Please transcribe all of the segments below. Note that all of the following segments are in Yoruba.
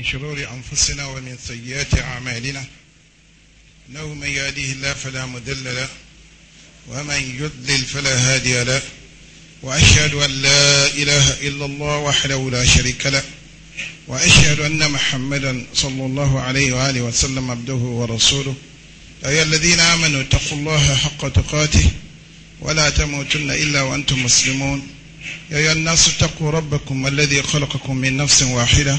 من شرور أنفسنا ومن سيئات أعمالنا إنه من يهديه الله فلا مدل له ومن يضلل فلا هادي له وأشهد أن لا إله إلا الله وحده لا شريك له وأشهد أن محمدا صلى الله عليه وآله وسلم عبده ورسوله أي الذين آمنوا اتقوا الله حق تقاته ولا تموتن إلا وأنتم مسلمون يا أيها الناس اتقوا ربكم الذي خلقكم من نفس واحدة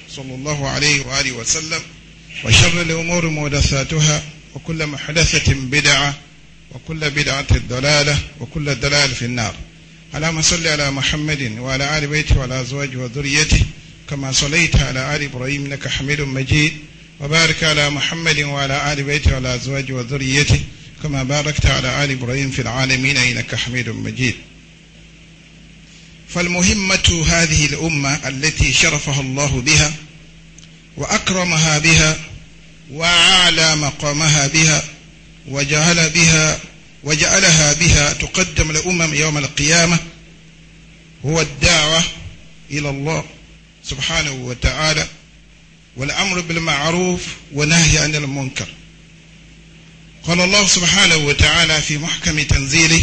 صلى الله عليه وآله وسلم وشر الأمور مودثاتها وكل محدثة بدعة وكل بدعة الضلالة وكل الضلال في النار اللهم صل على محمد وعلى آل بيته وعلى أزواجه وذريته كما صليت على آل إبراهيم إنك حميد مجيد وبارك على محمد وعلى آل بيته وعلى أزواجه وذريته كما باركت على آل إبراهيم في العالمين إنك حميد مجيد فالمهمة هذه الأمة التي شرفها الله بها وأكرمها بها وأعلى مقامها بها وجعل بها وجعلها بها تقدم لأمم يوم القيامة هو الدعوة إلى الله سبحانه وتعالى والأمر بالمعروف ونهي عن المنكر قال الله سبحانه وتعالى في محكم تنزيله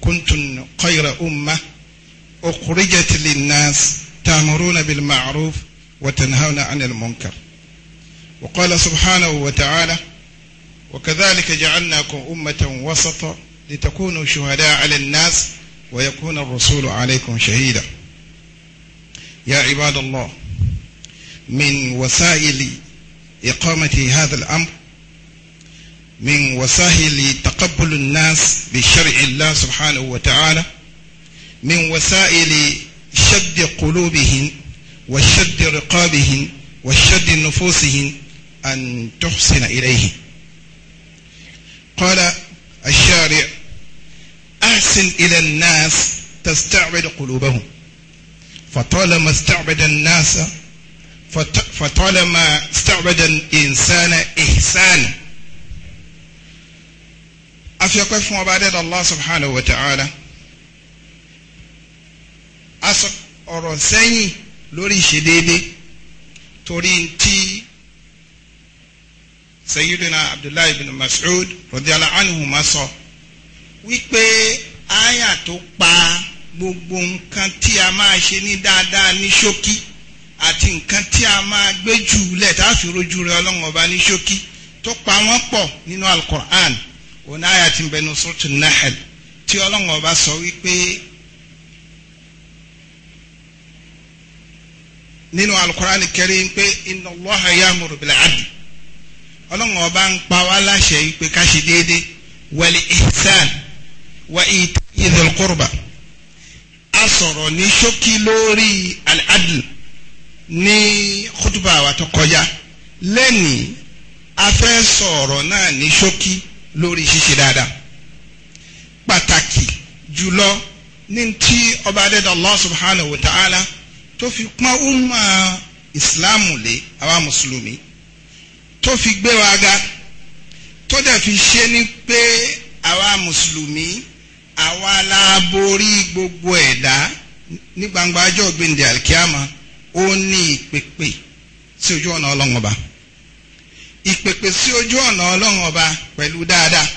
كنتم خير أمة أخرجت للناس تأمرون بالمعروف وتنهون عن المنكر وقال سبحانه وتعالى وكذلك جعلناكم أمة وسطا لتكونوا شهداء على الناس ويكون الرسول عليكم شهيدا يا عباد الله من وسائل إقامة هذا الأمر من وسائل تقبل الناس بشرع الله سبحانه وتعالى من وسائل شد قلوبهن وشد رقابهن وشد نفوسهن أن تحسن إليه قال الشارع أحسن إلى الناس تستعبد قلوبهم فطالما استعبد الناس فطالما استعبد الإنسان إحسانا أفيقف مبادئ الله سبحانه وتعالى sọ ọ̀rọ̀ sẹ́yìn lórí ìṣedéédé torí tí sayyidina abdullahi bin mas'ud radiyallahu anhu ma sọ wípé aya tó pa gbogbo nǹkan tí a máa ṣe ní dáadáa ní ṣókí àti nǹkan tí a máa gbé jù lẹ̀ tá a fi rojú rẹ ọlọ́run ọba ní ṣókí tó pa wọ́n pọ̀ nínú alukur'an òun aya tí ń bẹnu suratul nahl tí ọlọ́run ọba sọ wípé nínú alukurani kẹrin pé inna Allaha ya'muru bil 'adl ọlọ́run ọba ń pa wá láṣẹ pé ká ṣe déédé wal ihsan wa ita'i dhil qurba a sọ̀rọ̀ ní ṣókí lórí al-'adl ní kútùbà wa tó kọjá lẹ́nìí a fẹ́ sọ̀rọ̀ náà ní ṣókí lórí ṣíṣe dáadáa pàtàkì jùlọ ní ti ọba adẹ́dàá Allah subhanahu wa ta'ala tó fi pọ́n umma ìsìláàmù lé àwa mùsùlùmí tó fi gbé wa ga tó dẹ̀ fi ṣe ni pé àwa mùsùlùmí àwa la borí gbogbo ẹ̀dá ní gbangba ọjọ́ ògbéǹde alkiama ó ní ìpèpè sí ojú ọ̀nà ọlọ́run ọba ìpèpè sí ojú ọ̀nà ọlọ́run ọba pẹ̀lú dáadáa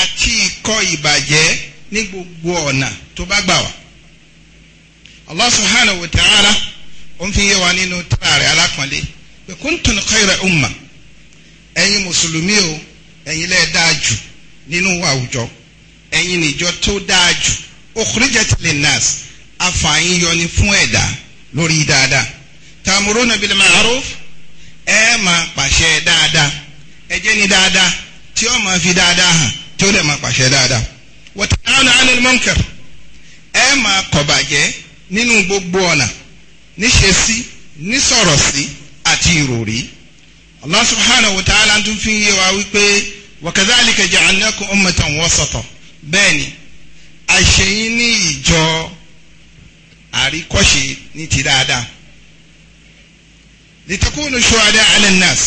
àti ìkọ̀ ìbàjẹ́ ní gbogbo ọ̀nà tó bá gbà wá Allah subhanahu wa ta'ala ó ń fi yé wa nínú tíra rẹ̀ alákànlé pé kuntum khayra umma ẹ̀yin mùsùlùmí o ẹ̀yin lẹ́ẹ̀ dáa jù nínú àwùjọ ẹ̀yin níjọ tó dáa jù ukhrijat linnas àfààyàn yọni fún ẹ̀dá lórí dáadáa ta'muruna bil ma'ruf ẹ máa pàṣẹ dáadáa ẹ jẹ́ ni dáadáa tí ó máa fi dáadáa hàn tí ó lè máa pàṣẹ dáadáa wa tanhawna 'anil munkar ẹ máa kọ̀ bàjẹ́ nínú gbogbo ọ̀nà níṣesí nísọ̀rọ̀sí àti ìròrí Allah subhanahu wa ta'ala tún fi yé wa wípé wa kadhalika ja'alnakum ummatan wasata bẹ́ẹ̀ni àṣeyín ní ìjọ àríkọ́ṣe ní ti dáadáa litakunu shuhada 'ala an-nas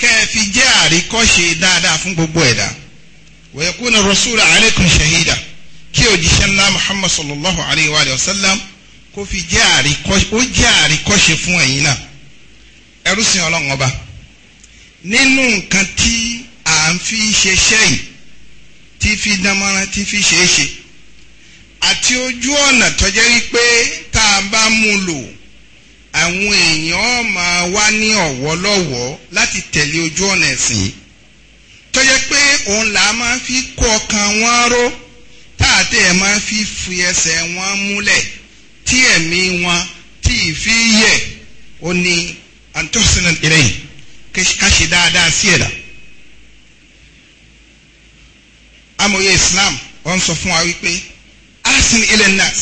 kẹ́ẹ̀fì jẹ́ àríkọ́ṣe dáadáa fún gbogbo ẹ̀dá wa yakuna rasulu shahida kí òjíṣẹ́ ńlá Muhammad sallallahu alayhi wa sallam kó fi jẹ́ àríkọ́ṣe ó jẹ́ àríkọ́ṣe fún ẹ̀yin náà ẹrú sìn ọlọ́run ọba nínú nǹkan tí à ń fi ṣe sẹ́yìn tí fi dánmọ́ra tí fi ṣe é ṣe àti ojú ọ̀nà tọ́jẹ́ wípé tá a bá mú lò àwọn èèyàn máa wá ní ọ̀wọ́ lọ́wọ́ láti tẹ̀lé ojú ọ̀nà ẹ̀sìn tọ́jẹ́ pé òun là á máa fi kó ọkàn wọn ró táàtẹ̀ máa fi fi ẹsẹ̀ wọn múlẹ̀ tí ẹ̀mí wọn tí ìfi yẹ ó ní antosinan ìrẹ́yìn ká dáadáa sí ẹ̀dá. amòye Islam wọn sọ fún wa wípé asin ilẹ̀ nas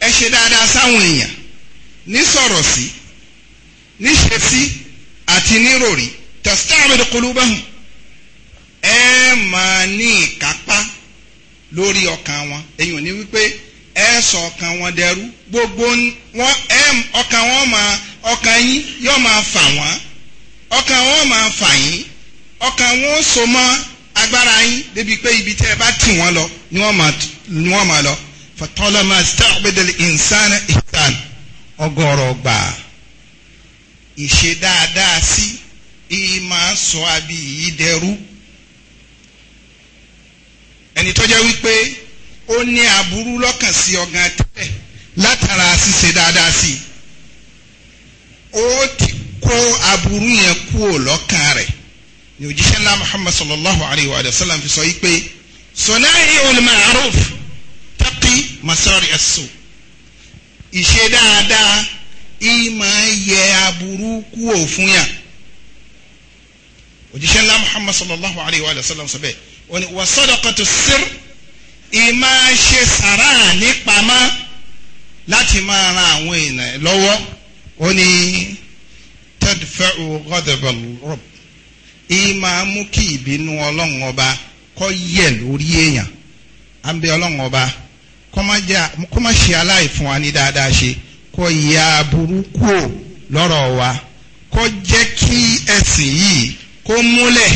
ẹ ṣe dáadáa sáwọn èèyàn ní sọ̀rọ̀ sí ní ṣe sí àti ní ròrí tasta'bid qulubahum ẹ máa ní ìkápá lórí ọkàn wọn èyí ní wípé ẹ sọ ọkàn wọn dẹrú gbogbo wọn ẹ ọkàn wọn máa ọkàn yín yóò máa fà wọn ọkàn wọn máa fà yín ọkàn wọn so mọ́ agbára yín débi pé ibi tẹ́ ẹ bá tì wọ́n lọ ni wọ́n máa ni wọ́n máa lọ fatọ́lọ́mà starbedel insana itan gbà ìṣe dáadáa sí ìyí máa sọ àbí ìyí dẹrú ẹni tó wípé ó ní aburú lọ́kàn sí ọ̀gàn tẹ́lẹ̀ látara ṣíṣe dáadáa sí i ó ti kó aburú yẹn kúrò lọ́kàn rẹ̀ ni òjíṣẹ́ ńlá Muhammad sallallahu alayhi wa sallam fi sọ yìí pé sọnáìhùn ma'ruf taqi masari as-su' ìṣe dáadáa ìmọ̀ yẹ aburú kúrò fún yàn òjíṣẹ́ ńlá Muhammad sallallahu alayhi wa sallam sọ bẹ́ẹ̀ wọ́n ni wà sadaqatu sirr ìmọ̀ ṣe sàrà nípamọ́ láti máa ran àwọn èèyàn lọ́wọ́ ó ní tadfa'u ghadaba rabb ìmọ̀ mú kí ìbínú ọlọ́run ọba kọ́ yẹ̀ lórí èèyàn à ń bẹ ọlọ́run ọba kọ́ má ṣe aláìfún wa ní dáadáa ṣe kọ́ ya burúkú lọ́rọ̀ wa kọ́ jẹ́ kí ẹ̀sìn yìí kó múlẹ̀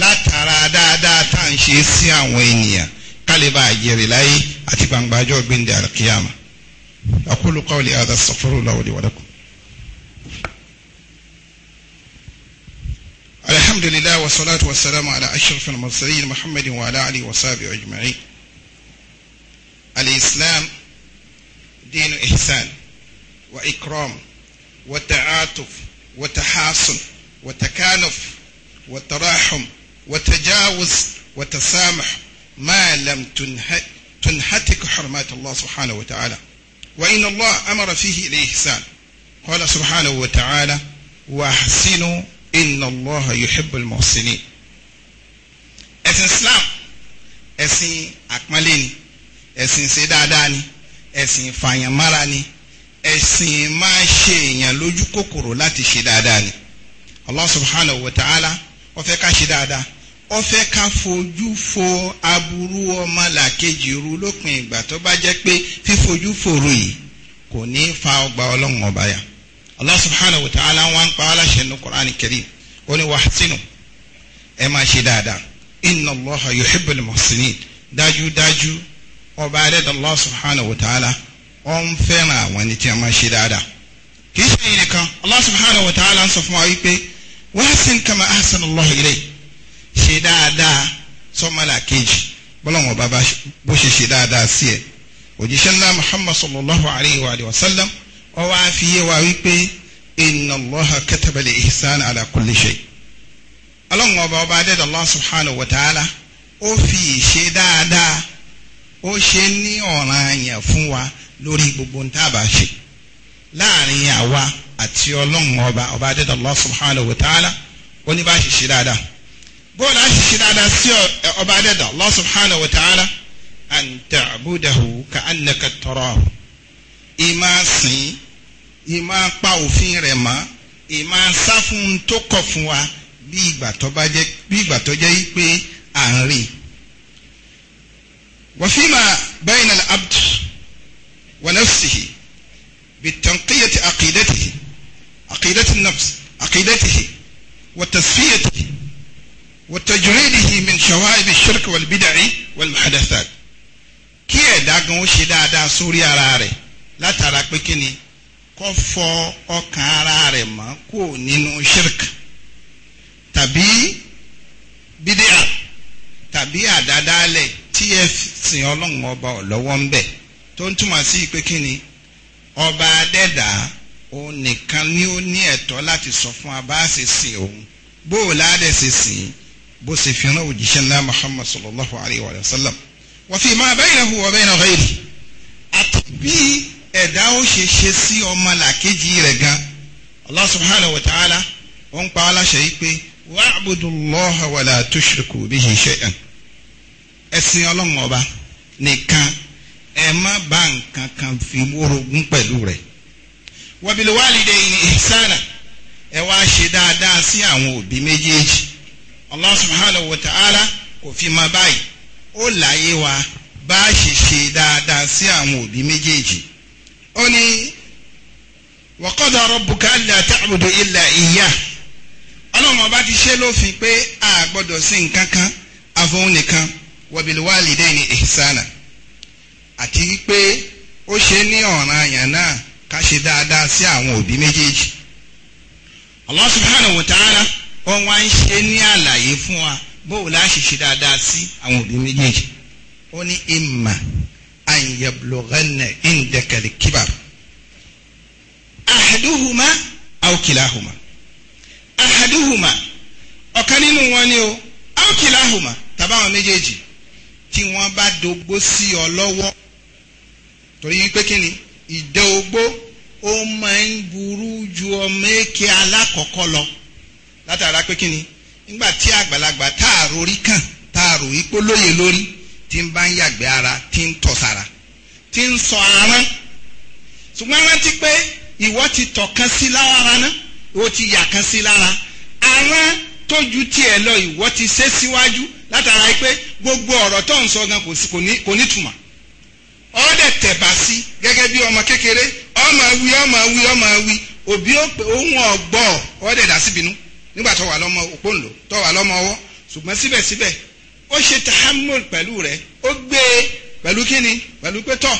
látara dáadáa tá à ń ṣe sí àwọn ènìyàn. kálíbà àjèrè láyé àti باجو ọjọ́ gbẹ̀ndẹ̀ القيامة أقول قولي هذا استغفر الله لي ولكم الحمد لله والصلاة والسلام على أشرف المرسلين محمد وعلى آله وصحبه أجمعين الإسلام دين إحسان وإكرام وتعاطف وتحاصن وتكانف وتراحم وتجاوز وتسامح ما لم تنهتك حرمات الله سبحانه وتعالى وإن الله أمر فيه الإحسان قال سبحانه وتعالى وأحسنوا إن الله يحب المحسنين ẹ̀sìn Islam ẹ̀sìn àpọ́nlé ni ẹ̀sìn ṣe dáadáa ni ẹ̀sìn fàyànmára ni ẹ̀sìn máa ṣe èèyàn lójú kòkòrò láti ṣe dáadáa ni Allah subhanahu wa ta'ala ó fẹ́ ká ṣe dáadáa ó fẹ́ ká fojú fo aburú ọmọ làkejì ru lópin ìgbà tó bá jẹ́ pé fífojú fòrò yìí kò ní fa ọgbà ọlọ́run ọba yà Allah subhanahu wa ta'ala wọn ń pa aláṣẹ ní Qur'an karim ó ní wàhásínù ẹ máa ṣe dáadáa inna Allaha yuhibbul muhsinin dájúdájú ọba adẹ́dàá Allah subhanahu wa ta'ala ó ń fẹ́ràn àwọn ẹni tí a máa ṣe dáadáa kì í ṣe ẹnìkan Allah subhanahu wa ta'ala ń sọ fún wa wípé wahsin kama ahsana Allahu ilayk ṣe dáadáa sọmọlá kejì bọ́lọ́wọ́n bàbá bó ṣe ṣe dáadáa sí ẹ òjíṣẹ́ ńlá muhammad sallallahu alayhi wa alayhi wa sallam ó wá fi yé wa wípé inna allaha kataba li ihsan ala kulli shay ọlọ́wọ́n ọba ọba adẹ́dàá allah subhanahu wa ta'ala ó fi ṣe dáadáa ó ṣe ní ọ̀ranyàn fún wa lórí gbogbo ntaaba ṣe láàrin àwa àti ọlọ́wọ́n ọba ọba adẹ́dàá allah subhanahu wa ta'ala ó ní bá ṣe ṣe dáadáa. bóòlù àṣì ṣe dáadáa sí ọba adẹ́dà Allah subhanahu wa ta'ala an ta'budahu ka'annaka tarahu ìmá sìn ìmá pa òfin rẹ̀ mọ́ ìmá sá fún tó kọ̀ fún wa bí ìgbà tó bá jẹ́ bí ìgbà tó jẹ́ pé à ń rí i. wa fima bayna al-abd wa nafsihi bitanqiyati aqidatihi aqidati an-nafs aqidatihi wa tasfiyatihi. وتجريده من شوائب الشرك والبدع والمحدثات كي ẹ̀dá gan ó ṣe dáadáa sórí ara rẹ̀ látara pé kí ni kó fọ ọkàn ara rẹ̀ mọ́ kó nínú shirk tàbí bídíà tàbí àdádálẹ̀ tí ẹ sìn ọlọ́run ọba ọ̀lọ́wọ́ ń bẹ̀ tó ń túmọ̀ sí pé kí ọba adẹ́dàá òun nìkan ni ó ní ẹ̀tọ́ láti sọ fún abáṣe sìn òun bóòlá dẹ̀ sìn bó ṣe fi hàn òjíṣẹ́ ńlá muhammad sallallahu alayhi wa sallam wa fi ma baynahu wa bayna ghayrihi àti bí ẹ̀dá ó ṣe ṣe sí ọmọ làkejì rẹ̀ gan allah subhanahu wa ta'ala ó ń pa aláṣẹ yìí pé wa'budullaha wa la tushriku bihi shay'an ẹ̀sìn ọlọ́run ọba nìkan ẹ má bá nǹkan kan fi orogún pẹ̀lú rẹ̀ wa bil walidayni ihsana wá ṣe dáadáa sí àwọn òbí méjèèjì Allah subhanahu wa ta'ala kò fi máa báyìí ó láyé wa bá a ṣe ṣe dáadáa sí àwọn òbí méjèèjì ó ní wa qada rabbuka alla ta'budu illa iyyah ọlọ́run ọba ti ṣe lófin pé a gbọ́dọ̀ sí nǹkan kan àfọ̀hún nìkan wa bil walidayni àti pé ó ṣe ní ọ̀ràn àyàn náà ká ṣe dáadáa sí àwọn òbí méjèèjì Allah subhanahu wa ta'ala wọ́n wá ń ṣe ní àlàyé fún wa bóò láṣì ṣe dáadáa sí àwọn òbí méjèèjì ó ní ìmà àyẹ̀blọ̀gánà ìǹdẹ̀kẹ̀lẹ̀ kíbà àhàdúhùmá àwòkìláhùmá àhàdúhùmá ọ̀kan nínú wọn ni o àwòkìláhùmá tàbáwọn méjèèjì tí wọ́n bá dogbo sí ọ lọ́wọ́ torí pé kí ni ìdẹ́ ogbó ó máa ń burú ju ọmọ èké alákọ̀ọ́kọ́ lọ. látara pé kíni nígbà tí àgbàlagbà tá a kàn tá a lórí tí ń bá ń yàgbẹ́ ara tí ń tọ̀ tí ń sọ arán ṣùgbọ́n rántí pé ìwọ ti tọ̀ kan sí lára náà ti yà kan sí lára tójú tiẹ̀ lọ ìwọ ti ṣe síwájú látara gbogbo ọ̀rọ̀ tó ń sọ gan kò ọ̀dẹ̀ tẹ̀bà sí gẹ́gẹ́ bí ọmọ kékeré ọmọ ọmọ ọmọ òbí òun ọ̀gbọ́ ọ̀dẹ̀ dà nígbà tó wà lọ́mọ òpónlò tó wà lọ́mọ ọwọ́ ṣùgbọ́n síbẹ̀síbẹ̀ ó ṣe tahamul pẹ̀lú rẹ̀ ó gbé e pẹ̀lú kíni pẹ̀lú pé tọ̀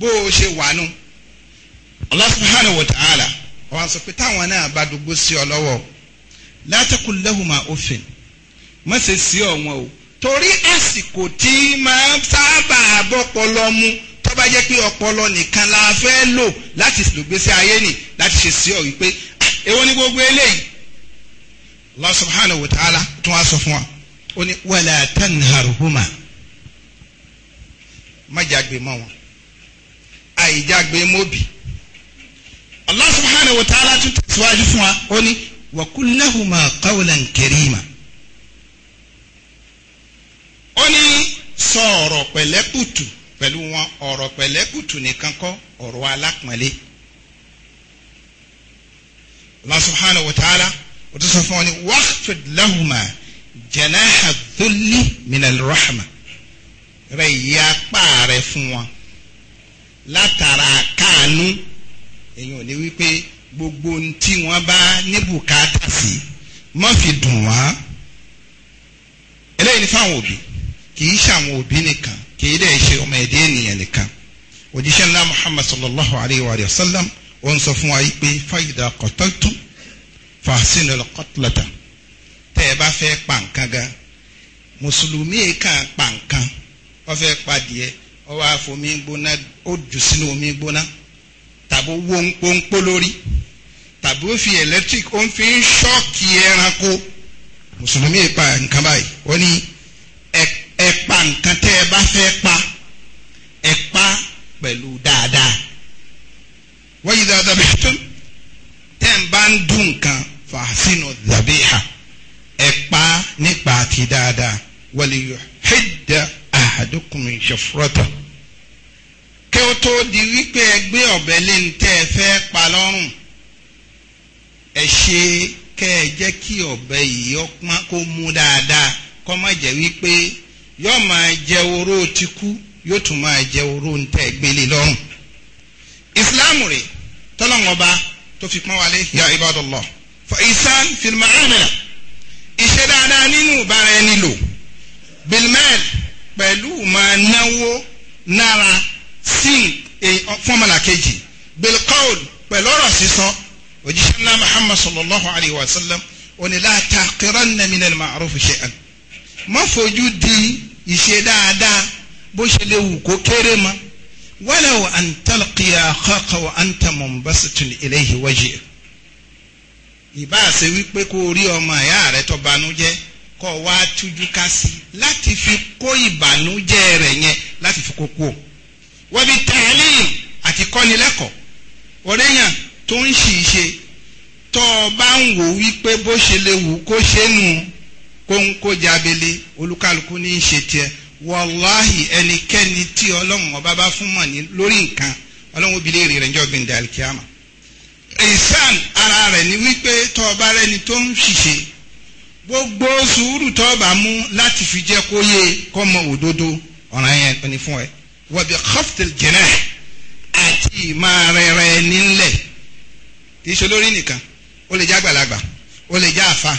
bó o ṣe wà nù. Allah subhanahu wa ta'ala ọ̀wá sọ pé táwọn náà bá dùgbò sí ọ lọ́wọ́ la taqul lahuma uffin má ṣe sí ọ̀wọ́n o torí àsìkò tí máa sábà bọ́pọlọ mu tó bá jẹ́ pé ọpọlọ nìkan la fẹ́ lò láti lògbèsè ayé nì láti ṣe sí ọ wípé ah, èwo ni gbogbo eléyìí Allah subhanahu wa ta'ala tún wá sọ fún wa ó ní wala tanharhuma má jágbe mọ́ wọn àìjágbe mọ́bì Allah subhanahu wa ta'ala tún tẹ̀síwájú fún wa ó ní wa qul lahuma qawlan karima ó ní sọ pẹ̀lẹ́kùtù pẹ̀lú wọn ọ̀rọ̀ pẹ̀lẹ́kùtù nìkan kọ́ ọ̀rọ̀ alápọ̀nlé Allah subhanahu wa ta'ala ó tún sọ fún wọn ní waqfid lahuma janaha dhulli minal rahma rẹ ìyá apá rẹ fún wọn látara káànú èèyàn ò ní wípé gbogbo ohun tí wọ́n bá ní bùkátà sí má fi dùn wá eléyìí ni fáwọn òbí kì í ṣàwọn òbí nìkan kì í dẹ̀ ṣe ọmọ ẹ̀dẹ́ ènìyàn nìkan òjíṣẹ́ ńlá Muhammad sallallahu alayhi wa sallam ó ń sọ fún wa yìí pé fayida fàásìn ọlọ́kọ́tìlọ́tà tẹ́ ẹ bá fẹ́ pa nǹkan gan mùsùlùmí kan pa nǹkan wọ́n fẹ́ pa díẹ̀ wọ́n wá fomi gbóná ó jù sínú omi gbóná tàbí wó ń lórí tàbí ó fi electric ó ń fi ń ṣọ́ọ̀kì ẹranko mùsùlùmí pa nǹkan báyìí wọ́n ní ẹ pa nǹkan tẹ́ ẹ bá fẹ́ pa ẹ pa pẹ̀lú dáadáa wọ́n yí dáadáa bẹ́ẹ̀ tó tẹ́ ń bá ń dún nǹkan fàásìnù zabiha ẹ pa nípa ti dáadáa wàlẹ̀ yóò hídà àdókùnrin ṣẹfúrọ́tà kí ó tó di wípé ẹ gbé ọ̀bẹ lẹ́nu tẹ́ ẹ fẹ́ pa lọ́rùn ẹ ṣe kẹ́ ẹ jẹ́ kí ọ̀bẹ yìí ọpọ́n kó mú dáadáa kọ́ má jẹ́ wípé yóò máa jẹ oró ti kú yóò tún máa jẹ oró ń tẹ́ ẹ gbélé lọ́rùn ìsìláàmù rẹ̀ tọ́lọ́mọba tó fi pọ́n wálé ya ibadallah faisan filimaamina iṣẹ́ dáadáa nínú ìbára ẹni lò bilmel pẹ̀lú máa náwó nára sí fọ́mọ̀là kejì bilkaul pẹ̀lú ọ̀rọ̀ sísọ òjíṣẹ́ ńlá muhammad sallallahu alayhi wa sallam onílà taqiranna minal ma'ruf shay'an má fojú di ìṣe dáadáa bó ṣe lè wù kó kéré ma walaw an talqiya akhaka wa anta munbasitun ilayhi wajhik ìbá ṣe wípé kó o rí ọmọ ẹ̀yà rẹ tó banújẹ́ kó o wá tújú ká sí láti fi kó ìbànújẹ́ rẹ̀ yẹn láti fi kó kú o. wọ́n fi tẹ̀ ẹ́ lẹ́yìn àti kọ́ni lẹ́kọ̀ọ́ ọ̀rẹ́yàn tó ń ṣì tó o bá ń wò wípé bó ṣe lè wù kó ṣe nù kóńkó jábele olúkálukú ní í ṣe tiẹ̀ wàláhì ẹnikẹ́ni tí ọlọ́run ọba bá fún mọ̀ ní lórí nǹkan ọlọ́run obìnrin rẹ̀ ń jọ́ gbìndé alikiyama ìsàn ara rẹ̀ ni wípé tó o bá rẹni tó ń ṣiṣẹ́ gbogbo sùúrù tó o bá mú láti fi jẹ́ kó yé kó mọ òdodo ọ̀ràn yẹn ni fún ẹ wọ́bi khaftil jinah àti ìmọ̀ rẹ̀rẹ̀ nílẹ̀ kì í ṣe lórí nìkan ó lè jẹ́ àgbàlagbà ó lè jẹ́ àfa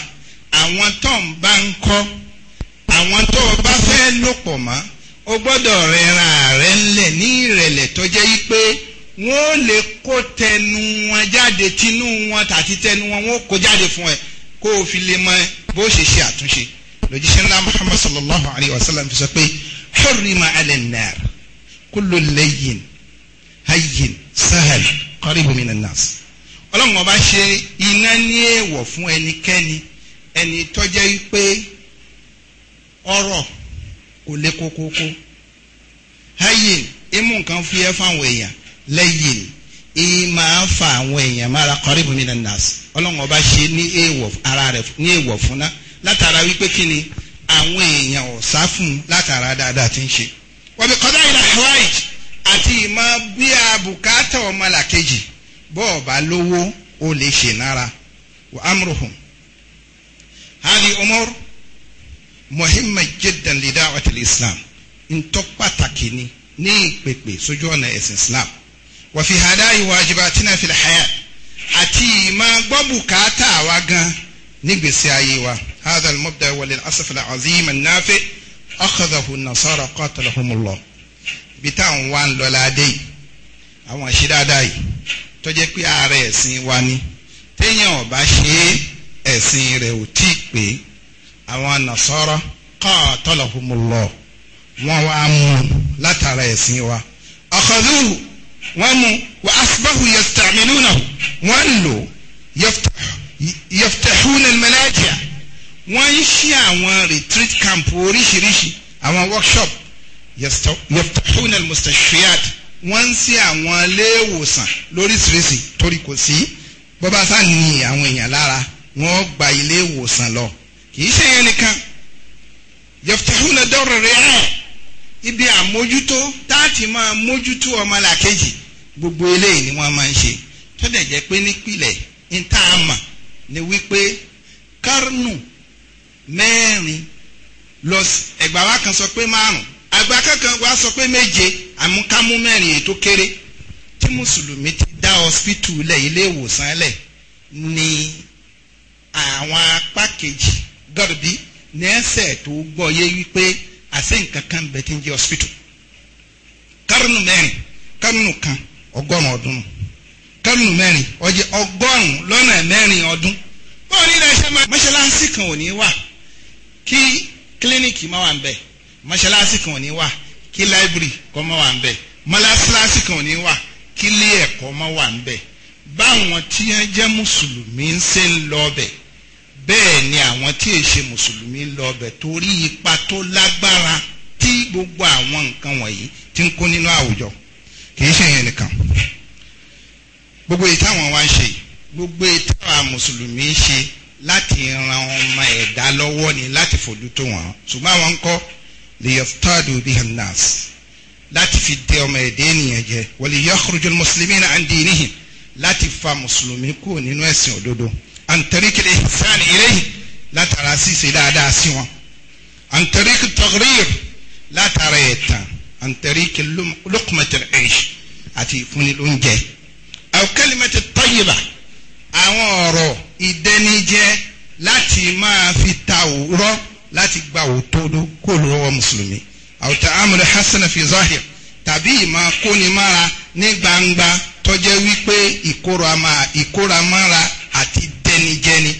àwọn tó ń bá ń kọ́ àwọn tó o bá fẹ́ lò pọ̀ mọ́ o gbọ́dọ̀ rẹ̀ràn rẹ̀ ńlẹ̀ ní ìrẹ̀lẹ̀ tó jẹ́ yí pé wọ́n lè kó tẹnu wọn jáde tinú wọn tàti tẹnu wọn wọ́n kó jáde fún ẹ kó o fi lè mọ bó ṣe ṣe àtúnṣe lójúṣe ńlá muhammad sallallahu alayhi wa sallam fi sọ pé hurrima ala an-nar kullu layyin hayyin sahal qaribun min nas ọlọ́run ọba ṣe iná ní èèwọ̀ fún ẹnikẹ́ni ẹni tó jẹ́ pé ọrọ̀ kò lè kókókó hayyin imú nǹkan fi ẹ́ fáwọn èèyàn lẹ́yìn ìyí máa fa àwọn èèyàn mára kọ́rìbù mi nàá nàásì ọlọ́run ọba ṣe ní èèwọ̀ ara rẹ̀ ní èèwọ̀ fún ná látara wípé kí ni àwọn èèyàn ọ̀sá fún un látara dáadáa ti ń ṣe. wọ́n bí kọ́dá ìlà hawaii àti ìmọ̀ bí a bùkátà ọmọlàkejì bọ́ọ̀bà lówó o lè ṣe nára wa amruhum hali umar muhimma jiddan lidawati islam ntọ́ pàtàkì ni ní ìpèpè sójú ọ̀nà ẹ̀sìn islam wàfi hadayi wajibatina fil haya àti ìmọ̀ gbọ́bùkátà wa gan nígbèsè ayé wa hadha al-mubda wa lil-asaf al-azim an-nafi akhadahu an-nasara qatalahumullah bí táwọn wa ń lọlá dé yìí àwọn àṣẹ dáadáa yìí tó jẹ́ pé ààrẹ ẹ̀sìn wa ni téèyàn ò ṣe ẹ̀sìn rẹ̀ ò tí ì pé àwọn nasara qatalahumullah wọ́n wá mú látara ẹ̀sìn wa akhadahu wọ́n mu wa asbahu yastaminunahu wọ́n lò yaftahuna almanaja wọ́n ń ṣí àwọn retreat camp oríṣiríṣi àwọn workshop yaftahuna almustashfiyat wọ́n ń ṣí àwọn iléèwòsàn lóríṣiríṣi torí kò sí bọ́bá sá àwọn èèyàn lára wọ́n gba iléèwòsàn lọ kì í ṣe yẹn nìkan yaftahuna dọ́rọ̀ rẹ̀ hàn ibi àmójútó táàtì máa mójútó ọmọlàkejì gbogbo eléyìí ni wọ́n máa ń ṣe tó dẹ̀ jẹ́ pé nípìlẹ̀ níta àmà ni wípé kárnù mẹ́rin lọ ẹgbàá wa kan sọ pé márùn àgbà kankan wa sọ pé méje àmúkámú mẹ́rin èyí tó kéré tí mùsùlùmí ti dá ọsibítù lẹ̀ ilé ìwòsàn lẹ̀ ni àwọn apá kejì gọ́dọ̀bí ní ẹsẹ̀ tó gbọ́ yé wípé àṣẹ nǹkan kan bẹ̀ tí ń jẹ́ hospital kárùnù mẹ́rin kárùnù kan ọgọ́rùn-ún ọdún nù kárùnù mẹ́rin ọjẹ́ ọgọ́rùn-ún lọ́nà mẹ́rin ọdún bọ́ọ̀ ní ilẹ̀ ṣe máa mọ́ṣáláṣí kan ò ní wà kí kílíníkì má wà ń bẹ̀ mọ́ṣáláṣí kan ò ní wà kí láìbírì kọ́ má wà ń bẹ̀ mọ́ṣáláṣí kan ò ní wà kí ilé ẹ̀kọ́ má wà ń bẹ̀ báwọn tí wọ́n jẹ́ mùsùlùmí ń ṣe ń lọ bẹ̀ bẹ́ẹ̀ ni àwọn tí è ṣe mùsùlùmí lọ bẹ̀ torí ipa tó lágbára tí gbogbo àwọn nǹkan wọ̀nyí ti ń kó nínú àwùjọ kì í ṣe yẹn nìkan gbogbo èyí táwọn wá ń ṣe gbogbo èyí táwọn mùsùlùmí ń ṣe láti ran ọmọ ẹ̀dá lọ́wọ́ ni láti fojú tó wọn ṣùgbọ́n àwọn ń kọ́ liyaftadu bihan nas láti fi dẹ ọmọ ẹ̀dá ènìyàn jẹ wali yakhruju al-muslimina an dinihim láti fa mùsùlùmí kúrò nínú ẹ̀sìn òdodo antarikili ihsan ilayhi látara ṣíṣe dáadáa sí wọn antarikili tagrir látara ẹ̀tàn antarikili luqmatul aish àti ìfúnni lóúnjẹ aw kalimati tayyiba àwọn ọ̀rọ̀ ìdẹnijẹ́ láti máa fi ta òwúrọ̀ láti gba òtódó kó lọ́wọ́ mùsùlùmí aw ta'amul hasana fi zahir tàbí ìmọ̀ kónimára ní gbangba tó jẹ́ wípé ìkóramára àti ẹnijẹni.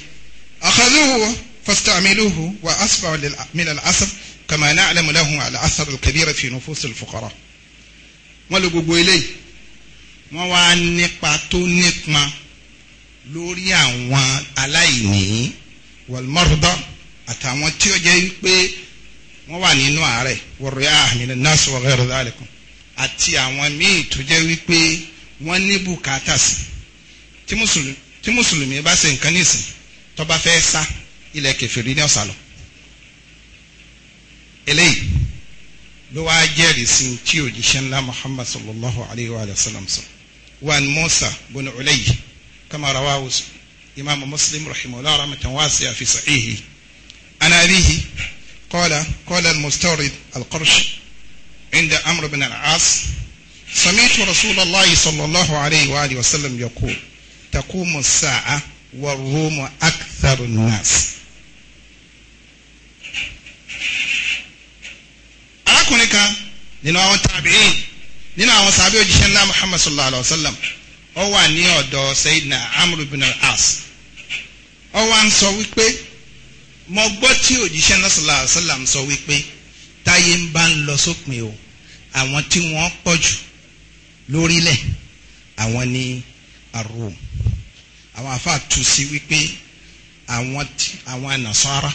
akhaduhu fastamiluhu wa asfa min al-asaf kama na'lamu lahu al-athar al-kabira fi nufus al-fuqara. wọ́n lo gbogbo eléyìí wọ́n wá nípa tó nípa lórí àwọn aláìní wàlmọ́rúdọ́ àtàwọn tí ó jẹ́ pé wọ́n wà nínú àárẹ̀ wọ̀rọ̀ àmìnà nọ́ọ̀sì wọ̀rọ̀ ẹ̀rọ dálẹ́kùn àti àwọn míì tó jẹ́ wípé wọ́n ní bùkátà sí tí mùsùlùmí tí mùsùlùmí bá ṣe nǹkan nísìn tó bá fẹ́ sá ilẹ̀ kẹfìrí ní ọ̀sà lọ. eléyìí ló wáá jẹ́rìí sí tí òjíṣẹ́ ńlá muhammad sallallahu alayhi wa sallam sọ. wa ni musa bonu ulayyi kama rawahu imaamu muslim rahimahullah rahmatan wasi'a fi sahihi an abihi qala qala al-mustawrid al-qarshi عند عمرو بن العاص سمعت رسول الله صلى الله عليه وآله وسلم يقول takumu sa'a wa rumu aktharu nas. arákùnrin kan nínú àwọn tàbíyìn nínú àwọn sàbí òjíṣẹ́ ńlá muhammad sallallahu alayhi wa sallam ó wà ní ọ̀dọ̀ sayidina amr ibn al-as ó wá ń sọ wípé mo gbọ́ tí òjíṣẹ́ ńlá sallallahu alayhi wa sallam sọ wípé táyé ń bá ń lọ sópin o àwọn tí wọ́n pọ̀ jù lórílẹ̀ àwọn ní arom àwọn àfáà tu sí wípé àwọn àwọn nasara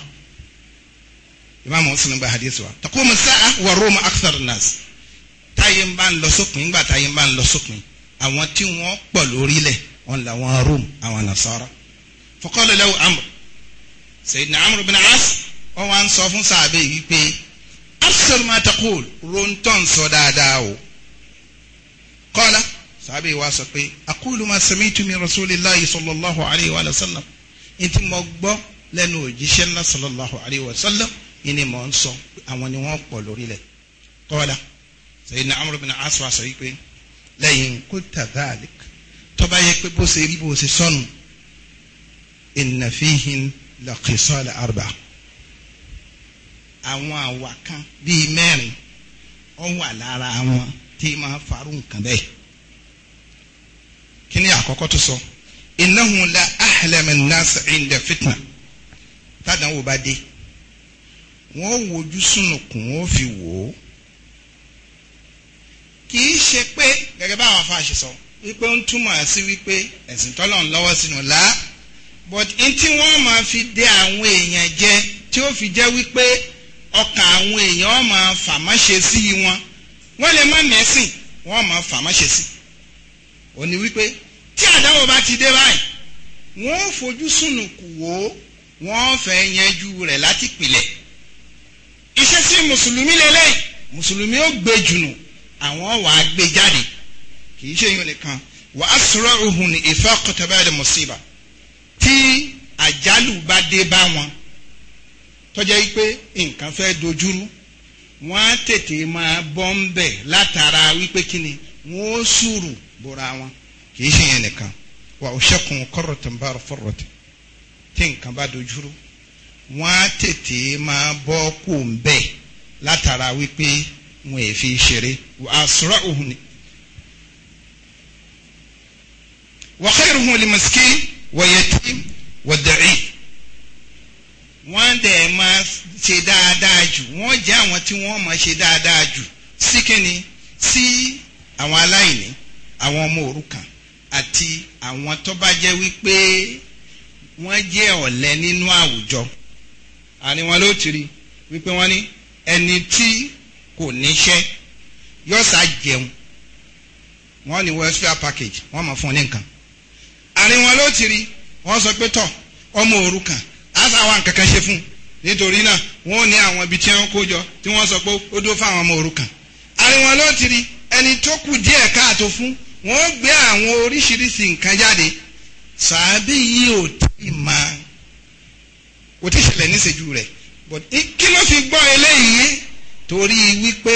imaamu muslim bá hadith wa takumu sa'a wa roma akthar nas táyé ń bá ń lọ sópin ńgbà táyé ń bá ń lọ sópin àwọn tí wọ́n pọ̀ lórílẹ̀ wọn làwọn rome àwọn nasara faqala lahu amr na amr bin as wọn wá ń sọ fún sàbẹ wípé absalom atakul rontọn sọ dáadáa o qala sàbẹ̀ wa sọ pé akulu ma sami'tu min rasulillahi sallallahu alayhi wa sallam n ti mọ gbọ́ lẹ́nu òjíṣẹ́ ńlá sallallahu alayhi wa sallam yìí ni mò ń sọ àwọn ni wọ́n pọ̀ lórí lẹ̀ kọ́lá sayyidina amr bin as wa sọ yìí pé lẹ́yìn kulta dhalik tó bá yẹ pé bó ṣe rí bó ṣe sọnù inna fihin la àwọn àwa kan bíi mẹ́rin ó wà lára àwọn tí máa farú nǹkan bẹ́ẹ̀ kí ni àkọ́kọ́ tó sọ la ahlama nasa inda fitna tádàwọ̀ bá dé wọ́n wojú sùnùkùn wọ́n fi wò ó kì í ṣe pé gẹ́gẹ́ bá àwọn afáàṣẹ sọ wípé ń túmọ̀ sí wípé ẹ̀sìn tọ́lọ̀ ń lọ́wọ́ sínú là but n tí wọ́n máa fi dé àwọn èèyàn jẹ tí ó fi jẹ́ wípé ọkàn àwọn èèyàn máa fàmáṣe sí wọn wọ́n lè má mẹ́sìn wọ́n máa fàmáṣe sí òní wípé tí àdáwò bá ti dé báyìí wọ́n ó fojú sùnùkù wò ó wọ́n fẹ́ yanjú rẹ̀ láti pìlẹ̀ iṣẹ́ sí mùsùlùmí lélẹ́yìn mùsùlùmí ó gbé jùnù àwọn wà á gbé jáde kì í ṣe yín olè kan wà á sọ̀rọ̀ ohun ní ìfẹ́ kọtàbẹ́rẹ́ mùsíbà tí àjálù bá dé bá wọn tọ́jà yìí pé nǹkan fẹ́ dojúrú wọ́n á tètè máa bọ́ ń bẹ̀ látara wípé kíni wọ́n ó sùúrù bora wọn kì í ṣe yẹn nìkan wà ó ṣẹ́kùn kọ́rọ̀tì ń bá fọ́rọ̀tì tí nǹkan bá dojúrú wọ́n á tètè máa bọ́ kó ń bẹ̀ látara wípé wọn è fi ṣeré àsúrà òhun ni. wa khairuhum lil miskin wa yatim wa da'i wọ́n dẹ̀ máa ṣe dáadáa jù wọ́n jẹ́ àwọn tí wọ́n máa ṣe dáadáa jù sí sí àwọn aláìní àwọn ọmọ òrukàn àti àwọn tó bá jẹ́ wípé wọ́n jẹ́ ọ̀lẹ nínú àwùjọ àní wọn ló ti rí wípé wọ́n ní ẹni tí kò níṣẹ́ yọ̀ọ̀sà jẹun wọ́n ní welfare package wọ́n máa fún un ní nǹkan àní wọn ló ti rí wọ́n sọ pé tọ̀ ọmọ òrukàn àṣà wa nǹkan ṣe fún nítorí náà wọn ní àwọn ibi tí wọn kó jọ tí wọn sọ pé ó dó fáwọn ọmọ òrukàn àríwọn ló ti rí ẹni tó kù díẹ̀ káàtó fún wọ́n gbé àwọn oríṣiríṣi nǹkan jáde sàábì yìí ò tí ì máa kò tí ì ṣẹlẹ̀ níṣẹ́jú rẹ̀ but kí ló fi gbọ́ eléyìí torí wípé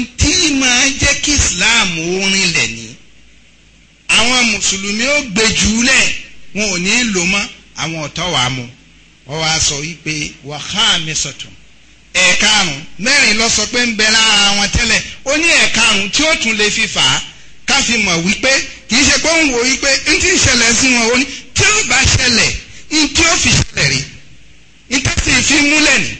ntí máa jẹ́ kí Islam ó rinlẹ̀ ní àwọn mùsùlùmí ó gbé jùlẹ̀ wọn ò ní lò mọ́ àwọn ọ̀tọ́ wàá mu wọ́n wá sọ wípé wàhálà sọ̀tún ẹ̀ẹ̀karùn-ún mẹ́rin lọ sọ pé ń bẹ lára wọn tẹ́lẹ̀ ó ní ẹ̀ẹ̀karùn-ún tí ó tún lè fi fà á ká fi mọ̀ wípé kì í ṣe pé òun wò wípé n tí ń ṣẹlẹ̀ sí wọn òní tí ó bá ṣẹlẹ̀ n tí ó fi ṣẹlẹ̀ rí n tá sì fi múlẹ̀ ní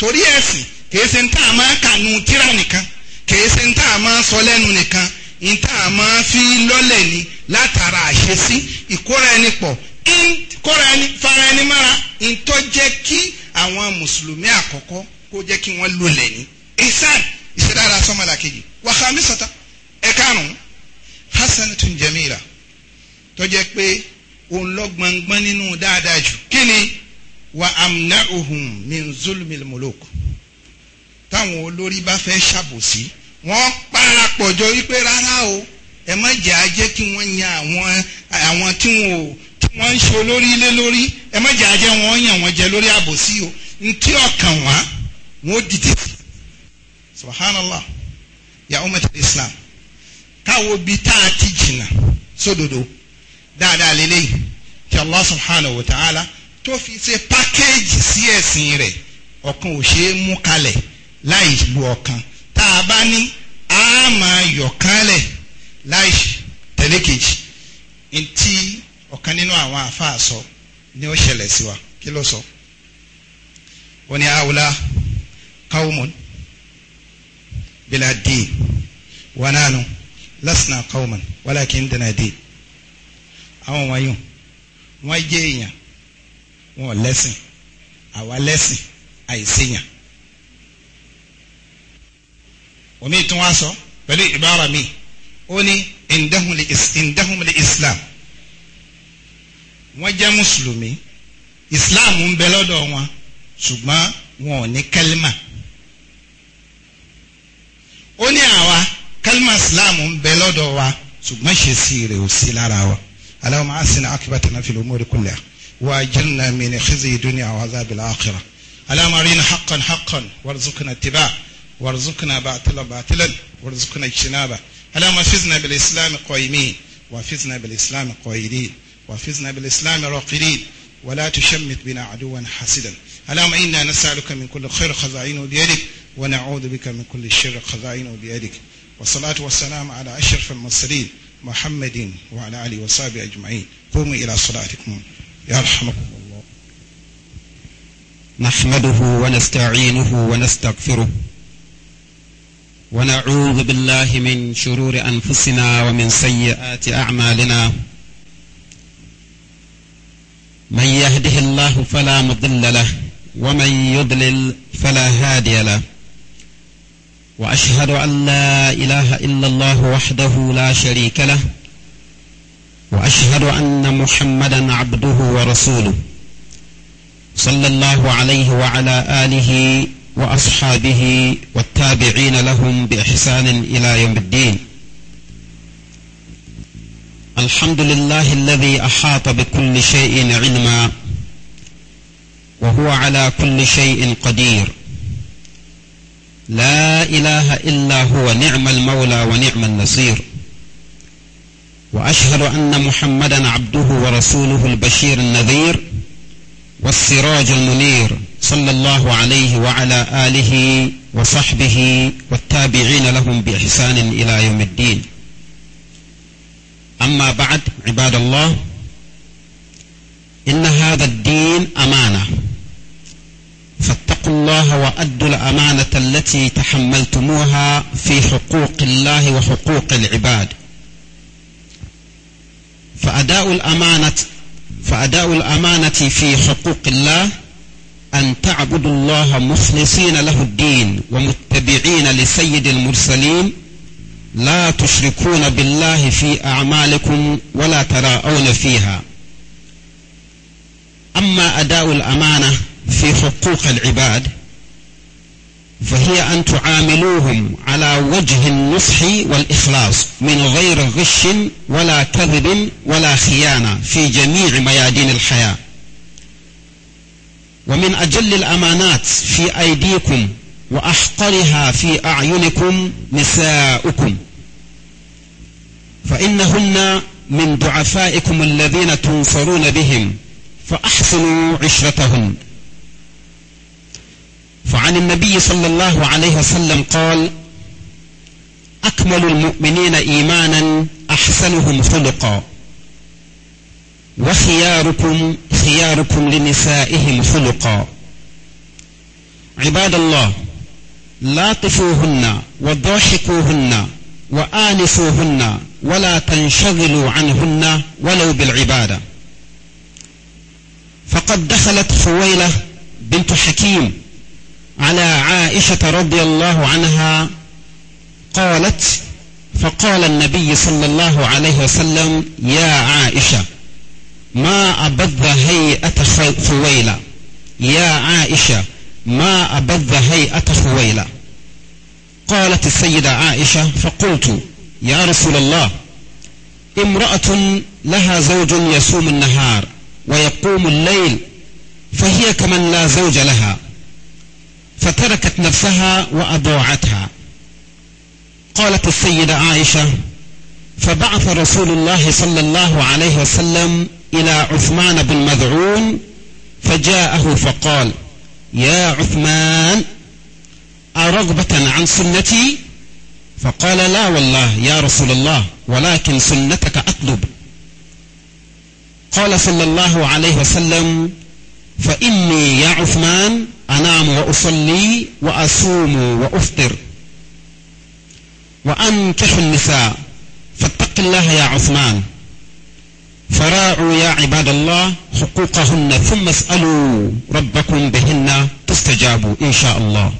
torí ẹ̀sìn kìí ṣe n tá a máa kànú tíra nìkan kìí ṣe n tá máa sọ lẹ́nu nìkan n tá máa fi lọ́lẹ̀ ní látara àṣesí ìkóra ẹni pọ̀ kóra ẹni fara ẹni mára n tó jẹ́ kí àwọn mùsùlùmí àkọ́kọ́ kó jẹ́ kí wọ́n lò lẹ̀ ní. isan sọ́mọ́lá kejì wàhálà mi sọ́ta ẹ̀ karùn-ún hasanatun jamila tó jẹ́ pé òun lọ gbọngbọn nínú dáadáa jù kí ni wa amna'uhum min zulmil muluk táwọn olórí bá fẹ́ ṣàbòsí wọ́n parapọ̀ jọ wípé rárá o ẹ má jẹ́ ajẹ́ kí wọ́n yan àwọn àwọn tí wọn ò tí wọ́n ń ṣe olórí lé lórí ẹ má jẹ́ ajẹ́ wọ́n yàn wọ́n jẹ lórí àbòsí o ntí ọkàn wá wọn ó dìde subhanallah ya ummat islam káwo bi tá a ti jìnnà sódodo dáadáa lélẹ́yìn tí Allah subhanahu wa ta'ala tó fi ṣe pákéèjì sí ẹ̀sìn rẹ̀ ọ̀kan ò ṣe é mú kalẹ̀ láì lu ọ̀kan tá a bá ní a máa yọ̀ kalẹ̀ láì tẹ̀lé kejì ntí ọ̀kan nínú àwọn àfáà sọ ni ó ṣẹlẹ̀ sí wa kí ló sọ ó ní àwòlá káwọ́mọ́n bíládìí wọnánu lasna qawman walakin dana de àwọn wọ̀nyí wọ́n jẹ́ èèyàn wọ́n lẹ́sìn àwa lẹ́sìn àìsèyàn omi tún wá sọ pẹ̀lú ìbára mi ó ní indahum li islam wọ́n jẹ́ Muslimi, islam ń bẹ lọ́dọ̀ wọn ṣùgbọ́n wọn ò ní kẹ́límà ó ní àwa. kálmà sílámù ń bẹ lọ́dọ̀ wa ṣùgbọ́n ṣe sí rẹ̀ ò sí lára wa Allahumma ahsin aqibatana fil umuri kulliha wa ajirna min khizi dunya wa azabil akhirah Allahumma arina haqqan haqqan warzuqna ittiba'a warzuqna batilan batilan warzuqna ijtinaba Allahumma fizna bil islam qaymin وافزنا بالإسلام قائلين وافزنا بالإسلام راقدين ولا تشمت بنا عدوا حسدا اللهم إنا نسألك من كل خير خزائنه بيدك ونعوذ بك من كل شر خزائنه بيدك والصلاة والسلام على أشرف المرسلين محمد وعلى آله وصحبه أجمعين قوموا إلى صلاتكم يرحمكم الله نحمده ونستعينه ونستغفره ونعوذ بالله من شرور أنفسنا ومن سيئات أعمالنا من يهده الله فلا مضل له ومن يضلل فلا هادي له وأشهد أن لا إله إلا الله وحده لا شريك له وأشهد أن محمدا عبده ورسوله صلى الله عليه وعلى آله وأصحابه والتابعين لهم بإحسان إلى يوم الدين الحمد لله الذي أحاط بكل شيء علما وهو على كل شيء قدير لا إله إلا هو نعم المولى ونعم النصير وأشهد أن محمدا عبده ورسوله البشير النذير والسراج المنير صلى الله عليه وعلى آله وصحبه والتابعين لهم بإحسان إلى يوم الدين أما بعد عباد الله إن هذا الدين أمانة فاتقوا الله وأدوا الأمانة التي تحملتموها في حقوق الله وحقوق العباد فأداء الأمانة فأداء الأمانة في حقوق الله أن تعبدوا الله مخلصين له الدين ومتبعين لسيد المرسلين لا تشركون بالله في أعمالكم ولا تراءون فيها أما أداء الأمانة في حقوق العباد فهي أن تعاملوهم على وجه النصح والإخلاص من غير غش ولا كذب ولا خيانة في جميع ميادين الحياة ومن أجل الأمانات في أيديكم وأحقرها في أعينكم نساؤكم فإنهن من ضعفائكم الذين تنصرون بهم فأحسنوا عشرتهن فعن النبي صلى الله عليه وسلم قال أكمل المؤمنين إيمانا أحسنهم خلقا وخياركم خياركم لنسائهم خلقا عباد الله لاطفوهن وضاحكوهن وآنسوهن ولا تنشغلوا عنهن ولو بالعبادة فقد دخلت خويلة بنت حكيم على عائشة رضي الله عنها قالت فقال النبي صلى الله عليه وسلم يا عائشة ما أبد هيئة خويلة يا عائشة ما أبد هيئة خويلة قالت السيدة عائشة فقلت يا رسول الله امرأة لها زوج يصوم النهار ويقوم الليل فهي كمن لا زوج لها فتركت نفسها وأضاعتها قالت السيدة عائشة فبعث رسول الله صلى الله عليه وسلم إلى عثمان بن مذعون فجاءه فقال يا عثمان أرغبة عن سنتي فقال لا والله يا رسول الله ولكن سنتك أطلب قال صلى الله عليه وسلم فإني يا عثمان أنام وأصلي وأصوم وأفطر وأنكح النساء فاتق الله يا عثمان فراعوا يا عباد الله حقوقهن ثم اسألوا ربكم بهن تستجابوا إن شاء الله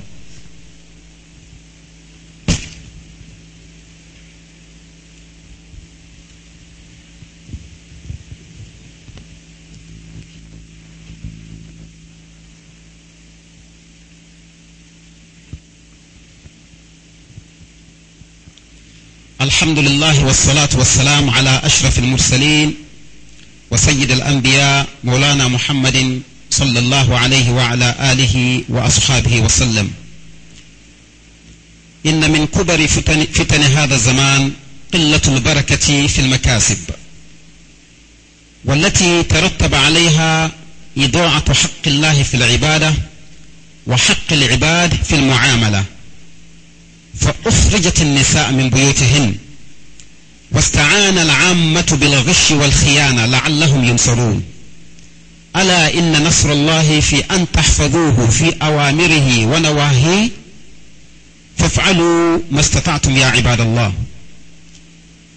الحمد لله والصلاة والسلام على أشرف المرسلين وسيد الأنبياء مولانا محمد صلى الله عليه وعلى آله وأصحابه وسلم إن من كبر فتن, فتن هذا الزمان قلة البركة في المكاسب والتي ترتب عليها إضاعة حق الله في العبادة وحق العباد في المعامله فأخرجت النساء من بيوتهن واستعان العامة بالغش والخيانة لعلهم ينصرون ألا إن نصر الله في أن تحفظوه في أوامره ونواهيه فافعلوا ما استطعتم يا عباد الله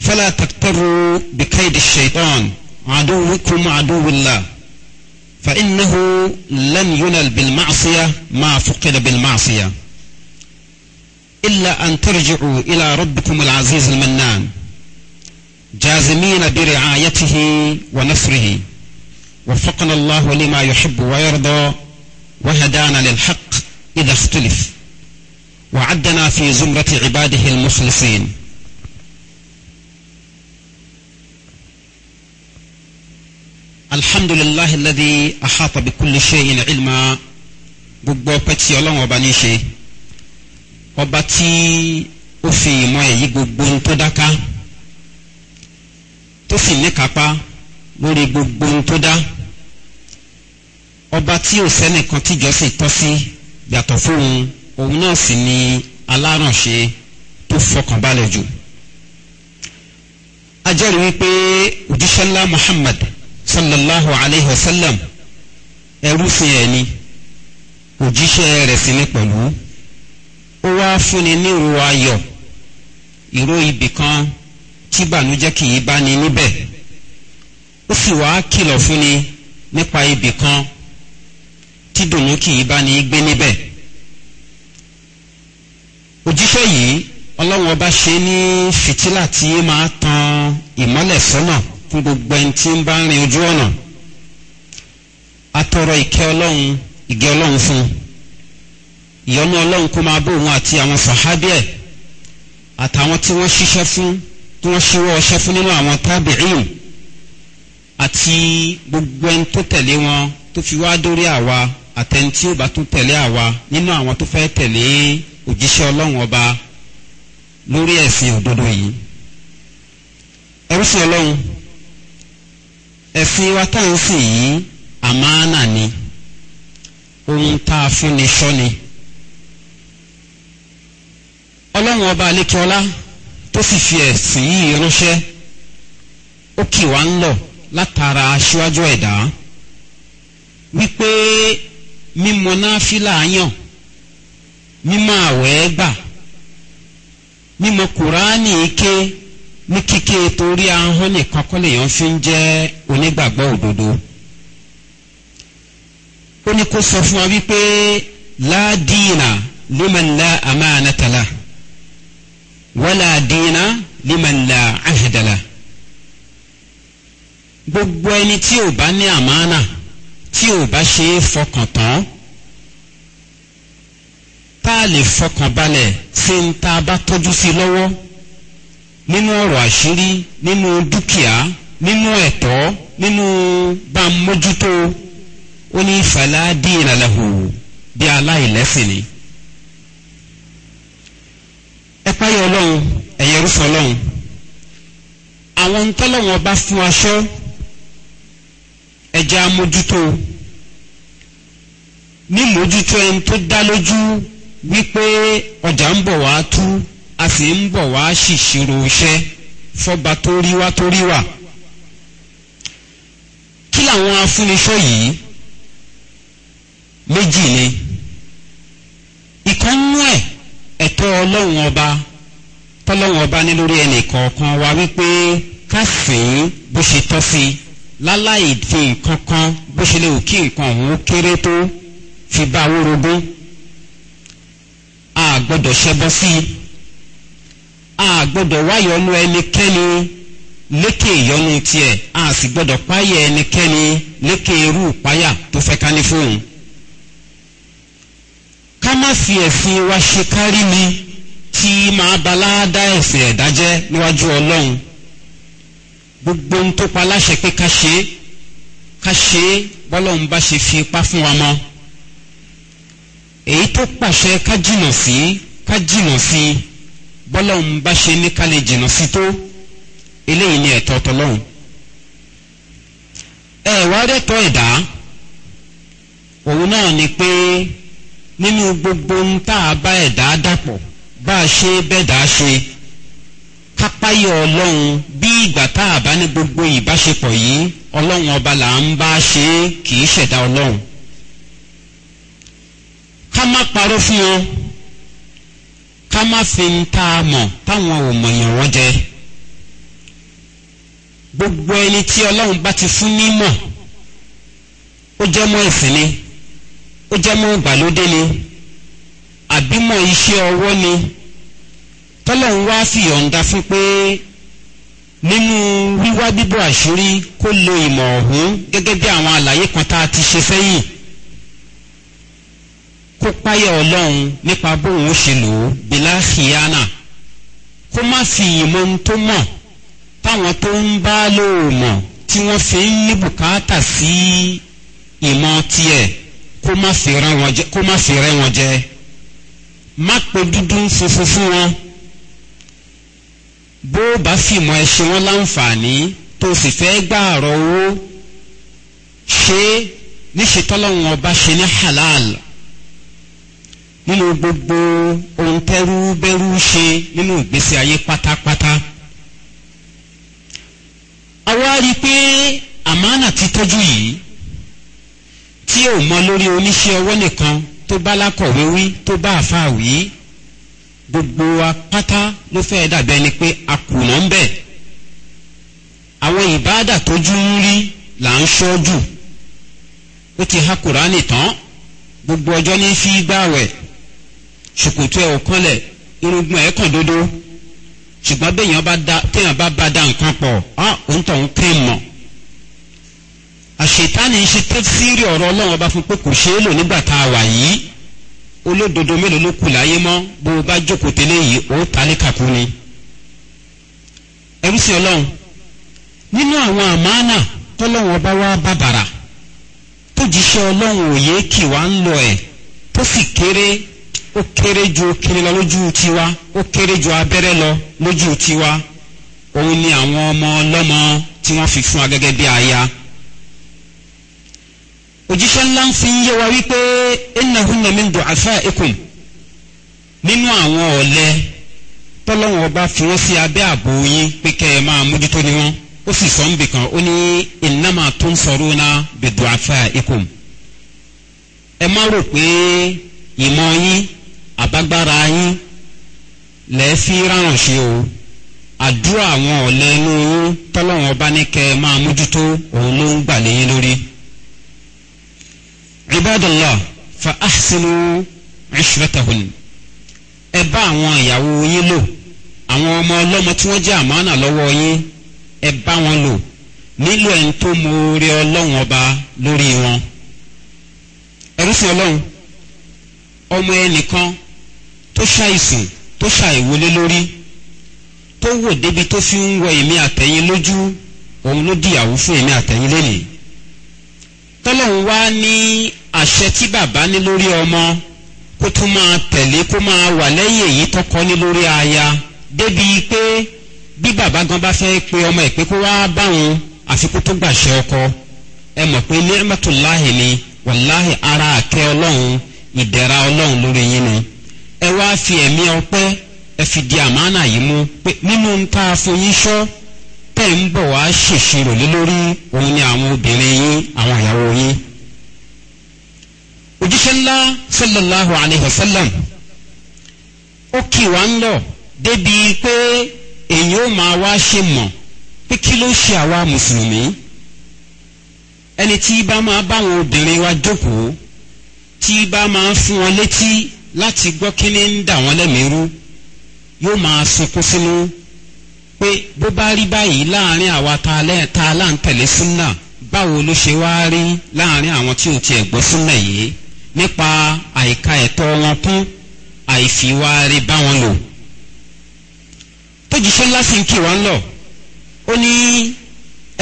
فلا تقتروا بكيد الشيطان عدوكم عدو الله فإنه لن ينل بالمعصية ما فقد بالمعصية إلا أن ترجعوا إلى ربكم العزيز المنان جازمين برعايته ونصره وفقنا الله لما يحب ويرضى وهدانا للحق إذا اختلف وعدنا في زمرة عباده المخلصين الحمد لله الذي أحاط بكل شيء علما gbogbo ọpẹ́ وبانيشي ọba tí ó fi ìmọ̀ èyí gbogbo ohun tó dáká tó sì níkápá lórí gbogbo ohun tó dá ọba tí ò sẹ́nìkan tíjọ́ sì tọ́ sí yàtọ̀ fóun òun náà sì ni alárànṣe tó fọkànbalẹ̀ jù a jẹ́rìí wípé òjíṣẹ́ Muhammad sallallahu alayhi wa sallam ẹrú sí ẹ̀ ni òjíṣẹ́ rẹ̀ sì ni pẹ̀lú ó wá fúnni ní ìró ayọ̀ ìró ibì kan tí ìbànújẹ́ kì í bá ní níbẹ̀ ó sì wá kìlọ̀ fúnni nípa ibì kan tí dùnú kì í bá ní gbé níbẹ̀ òjíṣẹ́ yìí ọlọ́run ọba ṣe ní fìtílà tí máa tan ìmọ́lẹ̀ sọ́nà fún gbogbo ẹni tí ń bá rin ojú ọ̀nà atọrọ ìkẹ́ ọlọ́run ìgẹ́ ọlọ́run fún un ìyọnu ọlọ́run kó máa bó òun àti àwọn sàhábì ẹ̀ àtàwọn tí wọ́n ṣiṣẹ́ fún tí wọ́n ṣíwọ́ ọṣẹ́ fún nínú àwọn tábìrìn àti gbogbo ẹni tó tẹ̀lé wọn tó fi wá dórí àwa àtẹni tí ó bá tún tẹ̀lé àwa nínú àwọn tó fẹ́ tẹ̀lé òjíṣẹ́ ọlọ́run ọba lórí ẹ̀sìn òdodo yìí ẹrúsìn ọlọ́run ẹ̀sìn wa tá à yìí àmánà ni ohun tá a fún ni ṣọ́ ni ọlọ́run ọba àlékiọlá tó sì fi ẹ̀sìn yìí ránṣẹ́ ó kì wá ń lọ látara aṣíwájú ẹ̀dá wípé mímọ náà fílà yàn mímọ àwẹ̀ gbà mímọ kùránì ike ní kíké torí ahọ́n nìkan kọ́ fi ń jẹ́ onígbàgbọ́ òdodo ó ní kó sọ fún wa wípé láàdínà lómìnira àmà ànátàlá. La wala dina liman la ahadala gbogbo ẹni tí ò bá ní àmánà tí ò bá ṣe é fọkàn tán tá a lè fọkàn balẹ̀ ṣe ń ta bá tọ́jú sí lọ́wọ́ nínú ọ̀rọ̀ àṣírí nínú dúkìá nínú ẹ̀tọ́ nínú bá a mójútó ó ní fàlàdí ìrànlẹ́hùn bí aláìlẹ́sìn ni ẹ páyọ ọlọ́run ẹ̀yẹ rúfẹ́ ọlọ́run àwọn ntọ́lọ́wọ́n bá fún aṣọ ẹ̀jẹ̀ amójútó ní mójútó ẹni tó dá lójú wípé ọjà ń bọ̀ wá tú a sì ń bọ̀ wá ṣìṣirò iṣẹ́ fọba tó rí wá tó rí wà kí làwọn afúniṣọ́ yìí méjì ni. ọlọ́run ọba tọ́lọ́run ọba ní lórí ẹnì kọ̀ọ̀kan wa wípé ká sìn ín bó ṣe tọ́ sí i láláì fi nǹkan kan bó ṣe lè kí nǹkan òun kéré tó fi bá owó rogún a gbọ́dọ̀ ṣẹbọ sí i a gbọ́dọ̀ wáyọ̀nú ẹnikẹ́ni lékè ìyọnu tiẹ̀ a sì gbọ́dọ̀ páyà ẹnikẹ́ni lékè irú ìpáyà tó fẹ́ ká ní fóun ká má fi ẹ̀sìn wa ṣe kárí ni tí máa balá dá ẹ̀sìn ẹ̀dá jẹ́ níwájú ọlọ́run gbogbo ń tó pa láṣẹ pé ká ṣe é ká ṣe é bọ́lọ́run bá ṣe fi ipá fún wa mọ́ èyí tó pàṣẹ ká jìnà sí ká jìnà sí bọ́lọ́run bá ṣe ní ká lè jìnà sí tó eléyìí ni ẹ̀tọ́ tọlọ́run ẹ wá rẹ́tọ́ ẹ̀dá òun náà ni pé nínú gbogbo ń tá a bá ẹ̀dá dàpọ̀ bá a ṣe bẹ́ẹ̀ dá a ṣe kápáyé ọlọ́run bí ìgbà tá a bá ní gbogbo ìbáṣepọ̀ yìí ọlọ́run ọba là ń bá a ṣe kì í ṣẹ̀dá ọlọ́run ká má parọ́ fún wọn ká má fi ń tá mọ̀ táwọn ò mọ̀yàn wọ́n jẹ gbogbo ẹni tí ọlọ́run bá ti fún nímọ̀ ó jẹ́ mọ́ ẹ̀sìn ni ó jẹ́ mọ́ ìgbàlódé ni àbímọ̀ iṣẹ́ ọwọ́ ni tọ́lọ̀ ń wá fi yọ̀ǹda fún pé nínú wíwá bíbọ̀ àṣírí kó lo ìmọ̀ ọ̀hún gẹ́gẹ́ bí àwọn àlàyé kan tá a ti ṣe fẹ́yìn kó páyà ọlọ́run nípa bóun ó ṣe lò ó bílá hìyánà kó má fi ìmọ̀ ohun tó mọ̀ táwọn tó ń bá lóòmọ̀ tí wọ́n fi ń ní bùkátà sí ìmọ̀ tiẹ̀ kó má fi rẹ́ wọn jẹ má pe dúdú funfun fún wọn bó o bá fìmọ̀ ẹ ṣe wọ́n láǹfààní tó o sì fẹ́ gbààrọ̀ owó ṣe níṣe tọ́lọ́wọ́n ọba ṣe ní halal nínú gbogbo ohun tẹ́rú bẹ́rú ṣe nínú ìgbésí ayé pátápátá. àwa rí i pé àmánà ti tọ́jú yìí tí ò mọ lórí oníṣẹ́ ọwọ́ nìkan tó bá lákọ̀wé wí tó bá àfa wí gbogbo wa pátá ló fẹ́ dàbẹ́ ni pé a kùnà ń bẹ̀ àwọn ìbáàdà tójú ń rí là ń ṣọ́ jù ó ti ha kùránì tán gbogbo ọjọ́ ní fi gbààwẹ̀ ṣòkòtò ẹ̀ ò irúgbìn ẹ̀ kàn dodo ṣùgbọ́n béèyàn bá da téèyàn bá bá da nǹkan pọ̀ á òun tọ̀ ń pè mọ̀ àṣetánì ń ṣe tẹ́sírì ọ̀rọ̀ ọlọ́run ọba fún pé kò ṣeé lò nígbà tá a wà yìí olódodo mélòó ló kù láyé mọ́ bó o bá jókòó tẹ́lẹ̀ yìí ó tálíkà kú ni. ẹrú sí ọlọ́run nínú àwọn àmánà tọ́lọ́wọ́n bá wá bàbàrà tó jíṣẹ́ ọlọ́run òye kì wá ń lọ ẹ̀ tó sì kéré ó kéré ju kéré lọ lójú tiwa ó kéré ju abẹ́rẹ́ lọ lójú tiwa òun ni àwọn ọmọ ọlọ́mọ tí wọ́n fi fún wa gẹ́gẹ́ bí aya. òjíṣẹ́ ńlá ń fi yé wa wípé innahunna min du'afaikum nínú àwọn ọ̀lẹ tọ́lọ́wọ́n ọba fi wọ́n sí abẹ́ ààbò yín pé kẹ́ máa mójútó ni wọ́n ó sì sọ ń bì kan ó ní innama tunsaruna ẹ má rò pé ìmọ̀ yín àbágbára yín lẹ́ẹ̀ fi ráràn ṣe o àdúrà àwọn ọ̀lẹ inú ọba ní kẹ́ ẹ máa mójútó òun ló عباد الله ahsinu ishratahun أبا bá àwọn ìyàwó yín lò àwọn ọmọ ọlọ́mọ tí wọ́n jẹ́ àmánà lọ́wọ́ yín ẹ bá wọn lò nílò ẹni tó moore ọlọ́run ọba lórí wọn ẹrúsìn ọlọ́run ọmọ ẹnìkan tó ṣàìsàn tó ṣàìwọlé lórí tó wò débi tó fi ń wọ èmi àtẹ̀yìn lójú òun ló dìyàwó fún èmi àtẹ̀yìn lónìí tọ́lọ̀ ń wá ní àṣẹ tí bàbá ní lórí ọmọ kó tún máa tẹ̀lé kó máa wà lẹ́yìn èyí tọkọ ní lórí aya débìí pé bí bàbá gan bá fẹ́ pe ọmọ ẹ̀ pé kó wá báwọn àfikún tó gbàṣẹ ọkọ ẹ mọ̀ pé ní ni wàláhì ara àkẹ́ ọlọ́run ìdẹ̀ra ọlọ́run lórí yín ni ẹ wá fi ẹ̀mí ọpẹ́ ẹ fi di àmánà yìí mú pé nínú tẹ̀ ń bọ̀ wá ṣèṣirò lé lórí òun ni àwọn obìnrin yín àwọn ìyàwó yín òjíṣẹ́ ńlá sallallahu alayhi wa sallam ó kì wá ń lọ débi pé èyí ó máa wá ṣe mọ̀ pé kí ló ṣe àwa mùsùlùmí ẹni tí bá máa báwọn obìnrin wa jókòó tí bá máa fún wọn létí láti gbọ́ kíní ń dà wọ́n lẹ́mìí rú yóò máa sunkún sínú pé bó bá rí báyìí láàrin àwa ta lẹ́ẹ̀ta láǹtẹ̀lé súnà báwo ló ṣe wá rí láàrin àwọn tí ò tiẹ̀ gbọ́ súnà yìí nípa àìka ẹ̀tọ́ wọn kún àìfiwárí bá wọn lò tójíṣẹ́ ńlá sì ń kì wọ́n lọ ó ní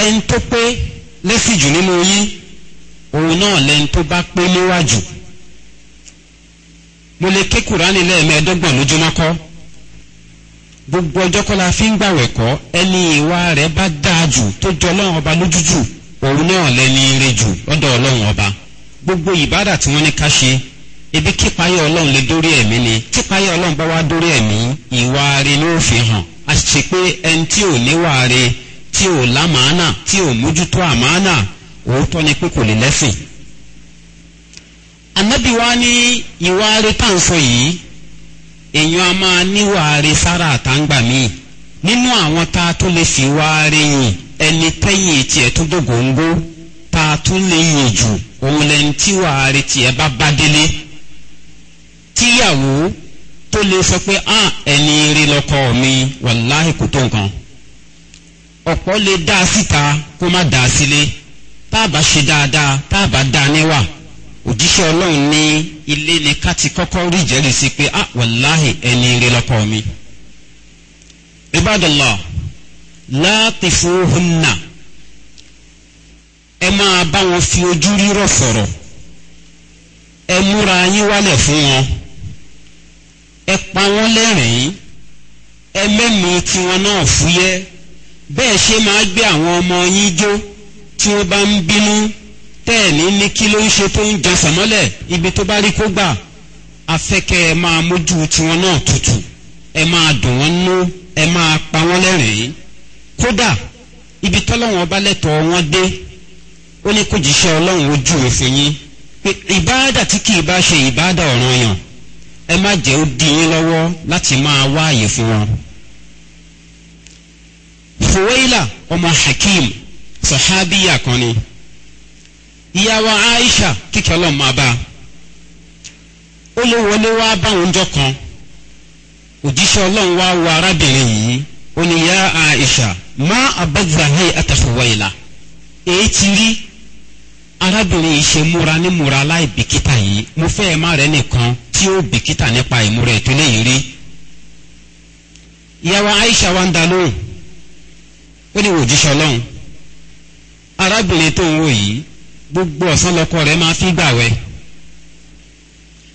ẹni tó pé lẹ́sìn jù nínú yín òun náà lẹni tó bá pé léwájú mo lè ké kùránì lẹ́ẹ̀mẹ́ẹ̀ẹ́dọ́gbọ̀n lójúmọ́ kọ́ gbogbo ọjọ́ kọ́la fi ń gbàwẹ̀ kọ́ ẹni ìwà rẹ̀ bá dáa jù tó jọ ọlọ́run ọba lójú jù òun náà lẹ́ni rẹ̀ jù lọ́dọ̀ ọlọ́run ọba gbogbo ìbádà tí wọ́n ní ká ṣe ebi kípayé ọlọ́run lè dórí ẹ̀mí ni kípayé ọlọ́run bá wá dórí ẹ̀mí ìwà rẹ̀ ló fi hàn a sì ṣe pé ẹni tí ò níwà rẹ̀ tí ò lámàánà tí ò mójútó àmàánà òótọ́ ni pé kò lè lẹ́sìn anabi wa ìwà rẹ̀ tá à ń sọ yìí èèyàn a máa níwà re sára àtàǹgbà míì nínú àwọn tá a tún lè fi wá rí yìn ẹni tẹ́yìn tiẹ̀ tún dògóńgó tá a tún lè yìn jù òun lẹ́ni tí wà á rí tiẹ̀ bá bá délé tíyàwó tó lè sọ pé à ẹni rí lọ́kọ mi wàláhì kò tó nǹkan ọ̀pọ̀ lè dá síta kó má dá sílé tá a bá ṣe dáadáa tá a bá dá níwà òjíṣẹ́ ọlọ́run ní ilé ni ká ti kọ́kọ́ rí ìjẹ́rìí sí pé ah wàláhì ẹni rí lọ́kọ mi. ibadallah láàtìfúhùnà ẹ máa bá wọn fi ojú rírọ̀ sọ̀rọ̀ ẹ múra yín wálẹ̀ fún wọn ẹ pa wọn lẹ́rìn-ín ẹ tiwọn náà fúyẹ́ bẹ́ẹ̀ ṣe ọmọ yín jó tí wọ́n bá tẹ́ẹ̀ní ní kí ló ń ṣe tó ń jẹ sàmọ́lẹ̀ ibi tó bá rí kó gbà afẹ́kẹ́ ẹ máa mójú tiwọn náà tutù ẹ máa dùn wọ́n nú ẹ máa pa wọ́n lẹ́rìn-ín kódà ibi tọ́lọ́wọ́n bá lẹ́tọ̀ọ́ wọn dé ó ní kó jíṣẹ́ ọlọ́run ojú òfin yín ìbáàdà tí kì í bá ṣe ìbáàdà ọ̀ràn yàn ẹ má jẹ́ ó di yín lọ́wọ́ láti máa wá àyè fún wọn. fòwéìlà ọmọ hakeem sọ̀hábíyà kan ni ìyàwó aisha kíkẹ́ ọlọ́run máa bá ó ló wọlé wá báwọn ọjọ́ kan òjíṣẹ́ ọlọ́run wá wo arábìnrin yìí ó ní ya aisha má abẹ́gbàhé àtàfọwọ́yìnà èyí ti rí arábìnrin yìí ṣe múra ní múra láì bìkítà yìí mo fẹ́ ẹ̀ má rẹ̀ nìkan tí ó bìkítà nípa ìmúra ètò lẹ́yìn rí ìyàwó aisha wa ń da lóhùn ó ní òjíṣẹ́ ọlọ́run arábìnrin tó ń wò yìí gbogbo ọ̀sán lọ́kọ rẹ̀ máa fi gbàwẹ̀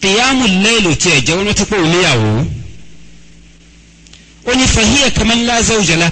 kìyàmù lẹ́ẹ̀lù tiẹ̀ jẹ́ wọ́n rántí pé òun níyàwó ó ní fahiyẹ kàmẹ́ńlá zẹ́wùjẹ́lá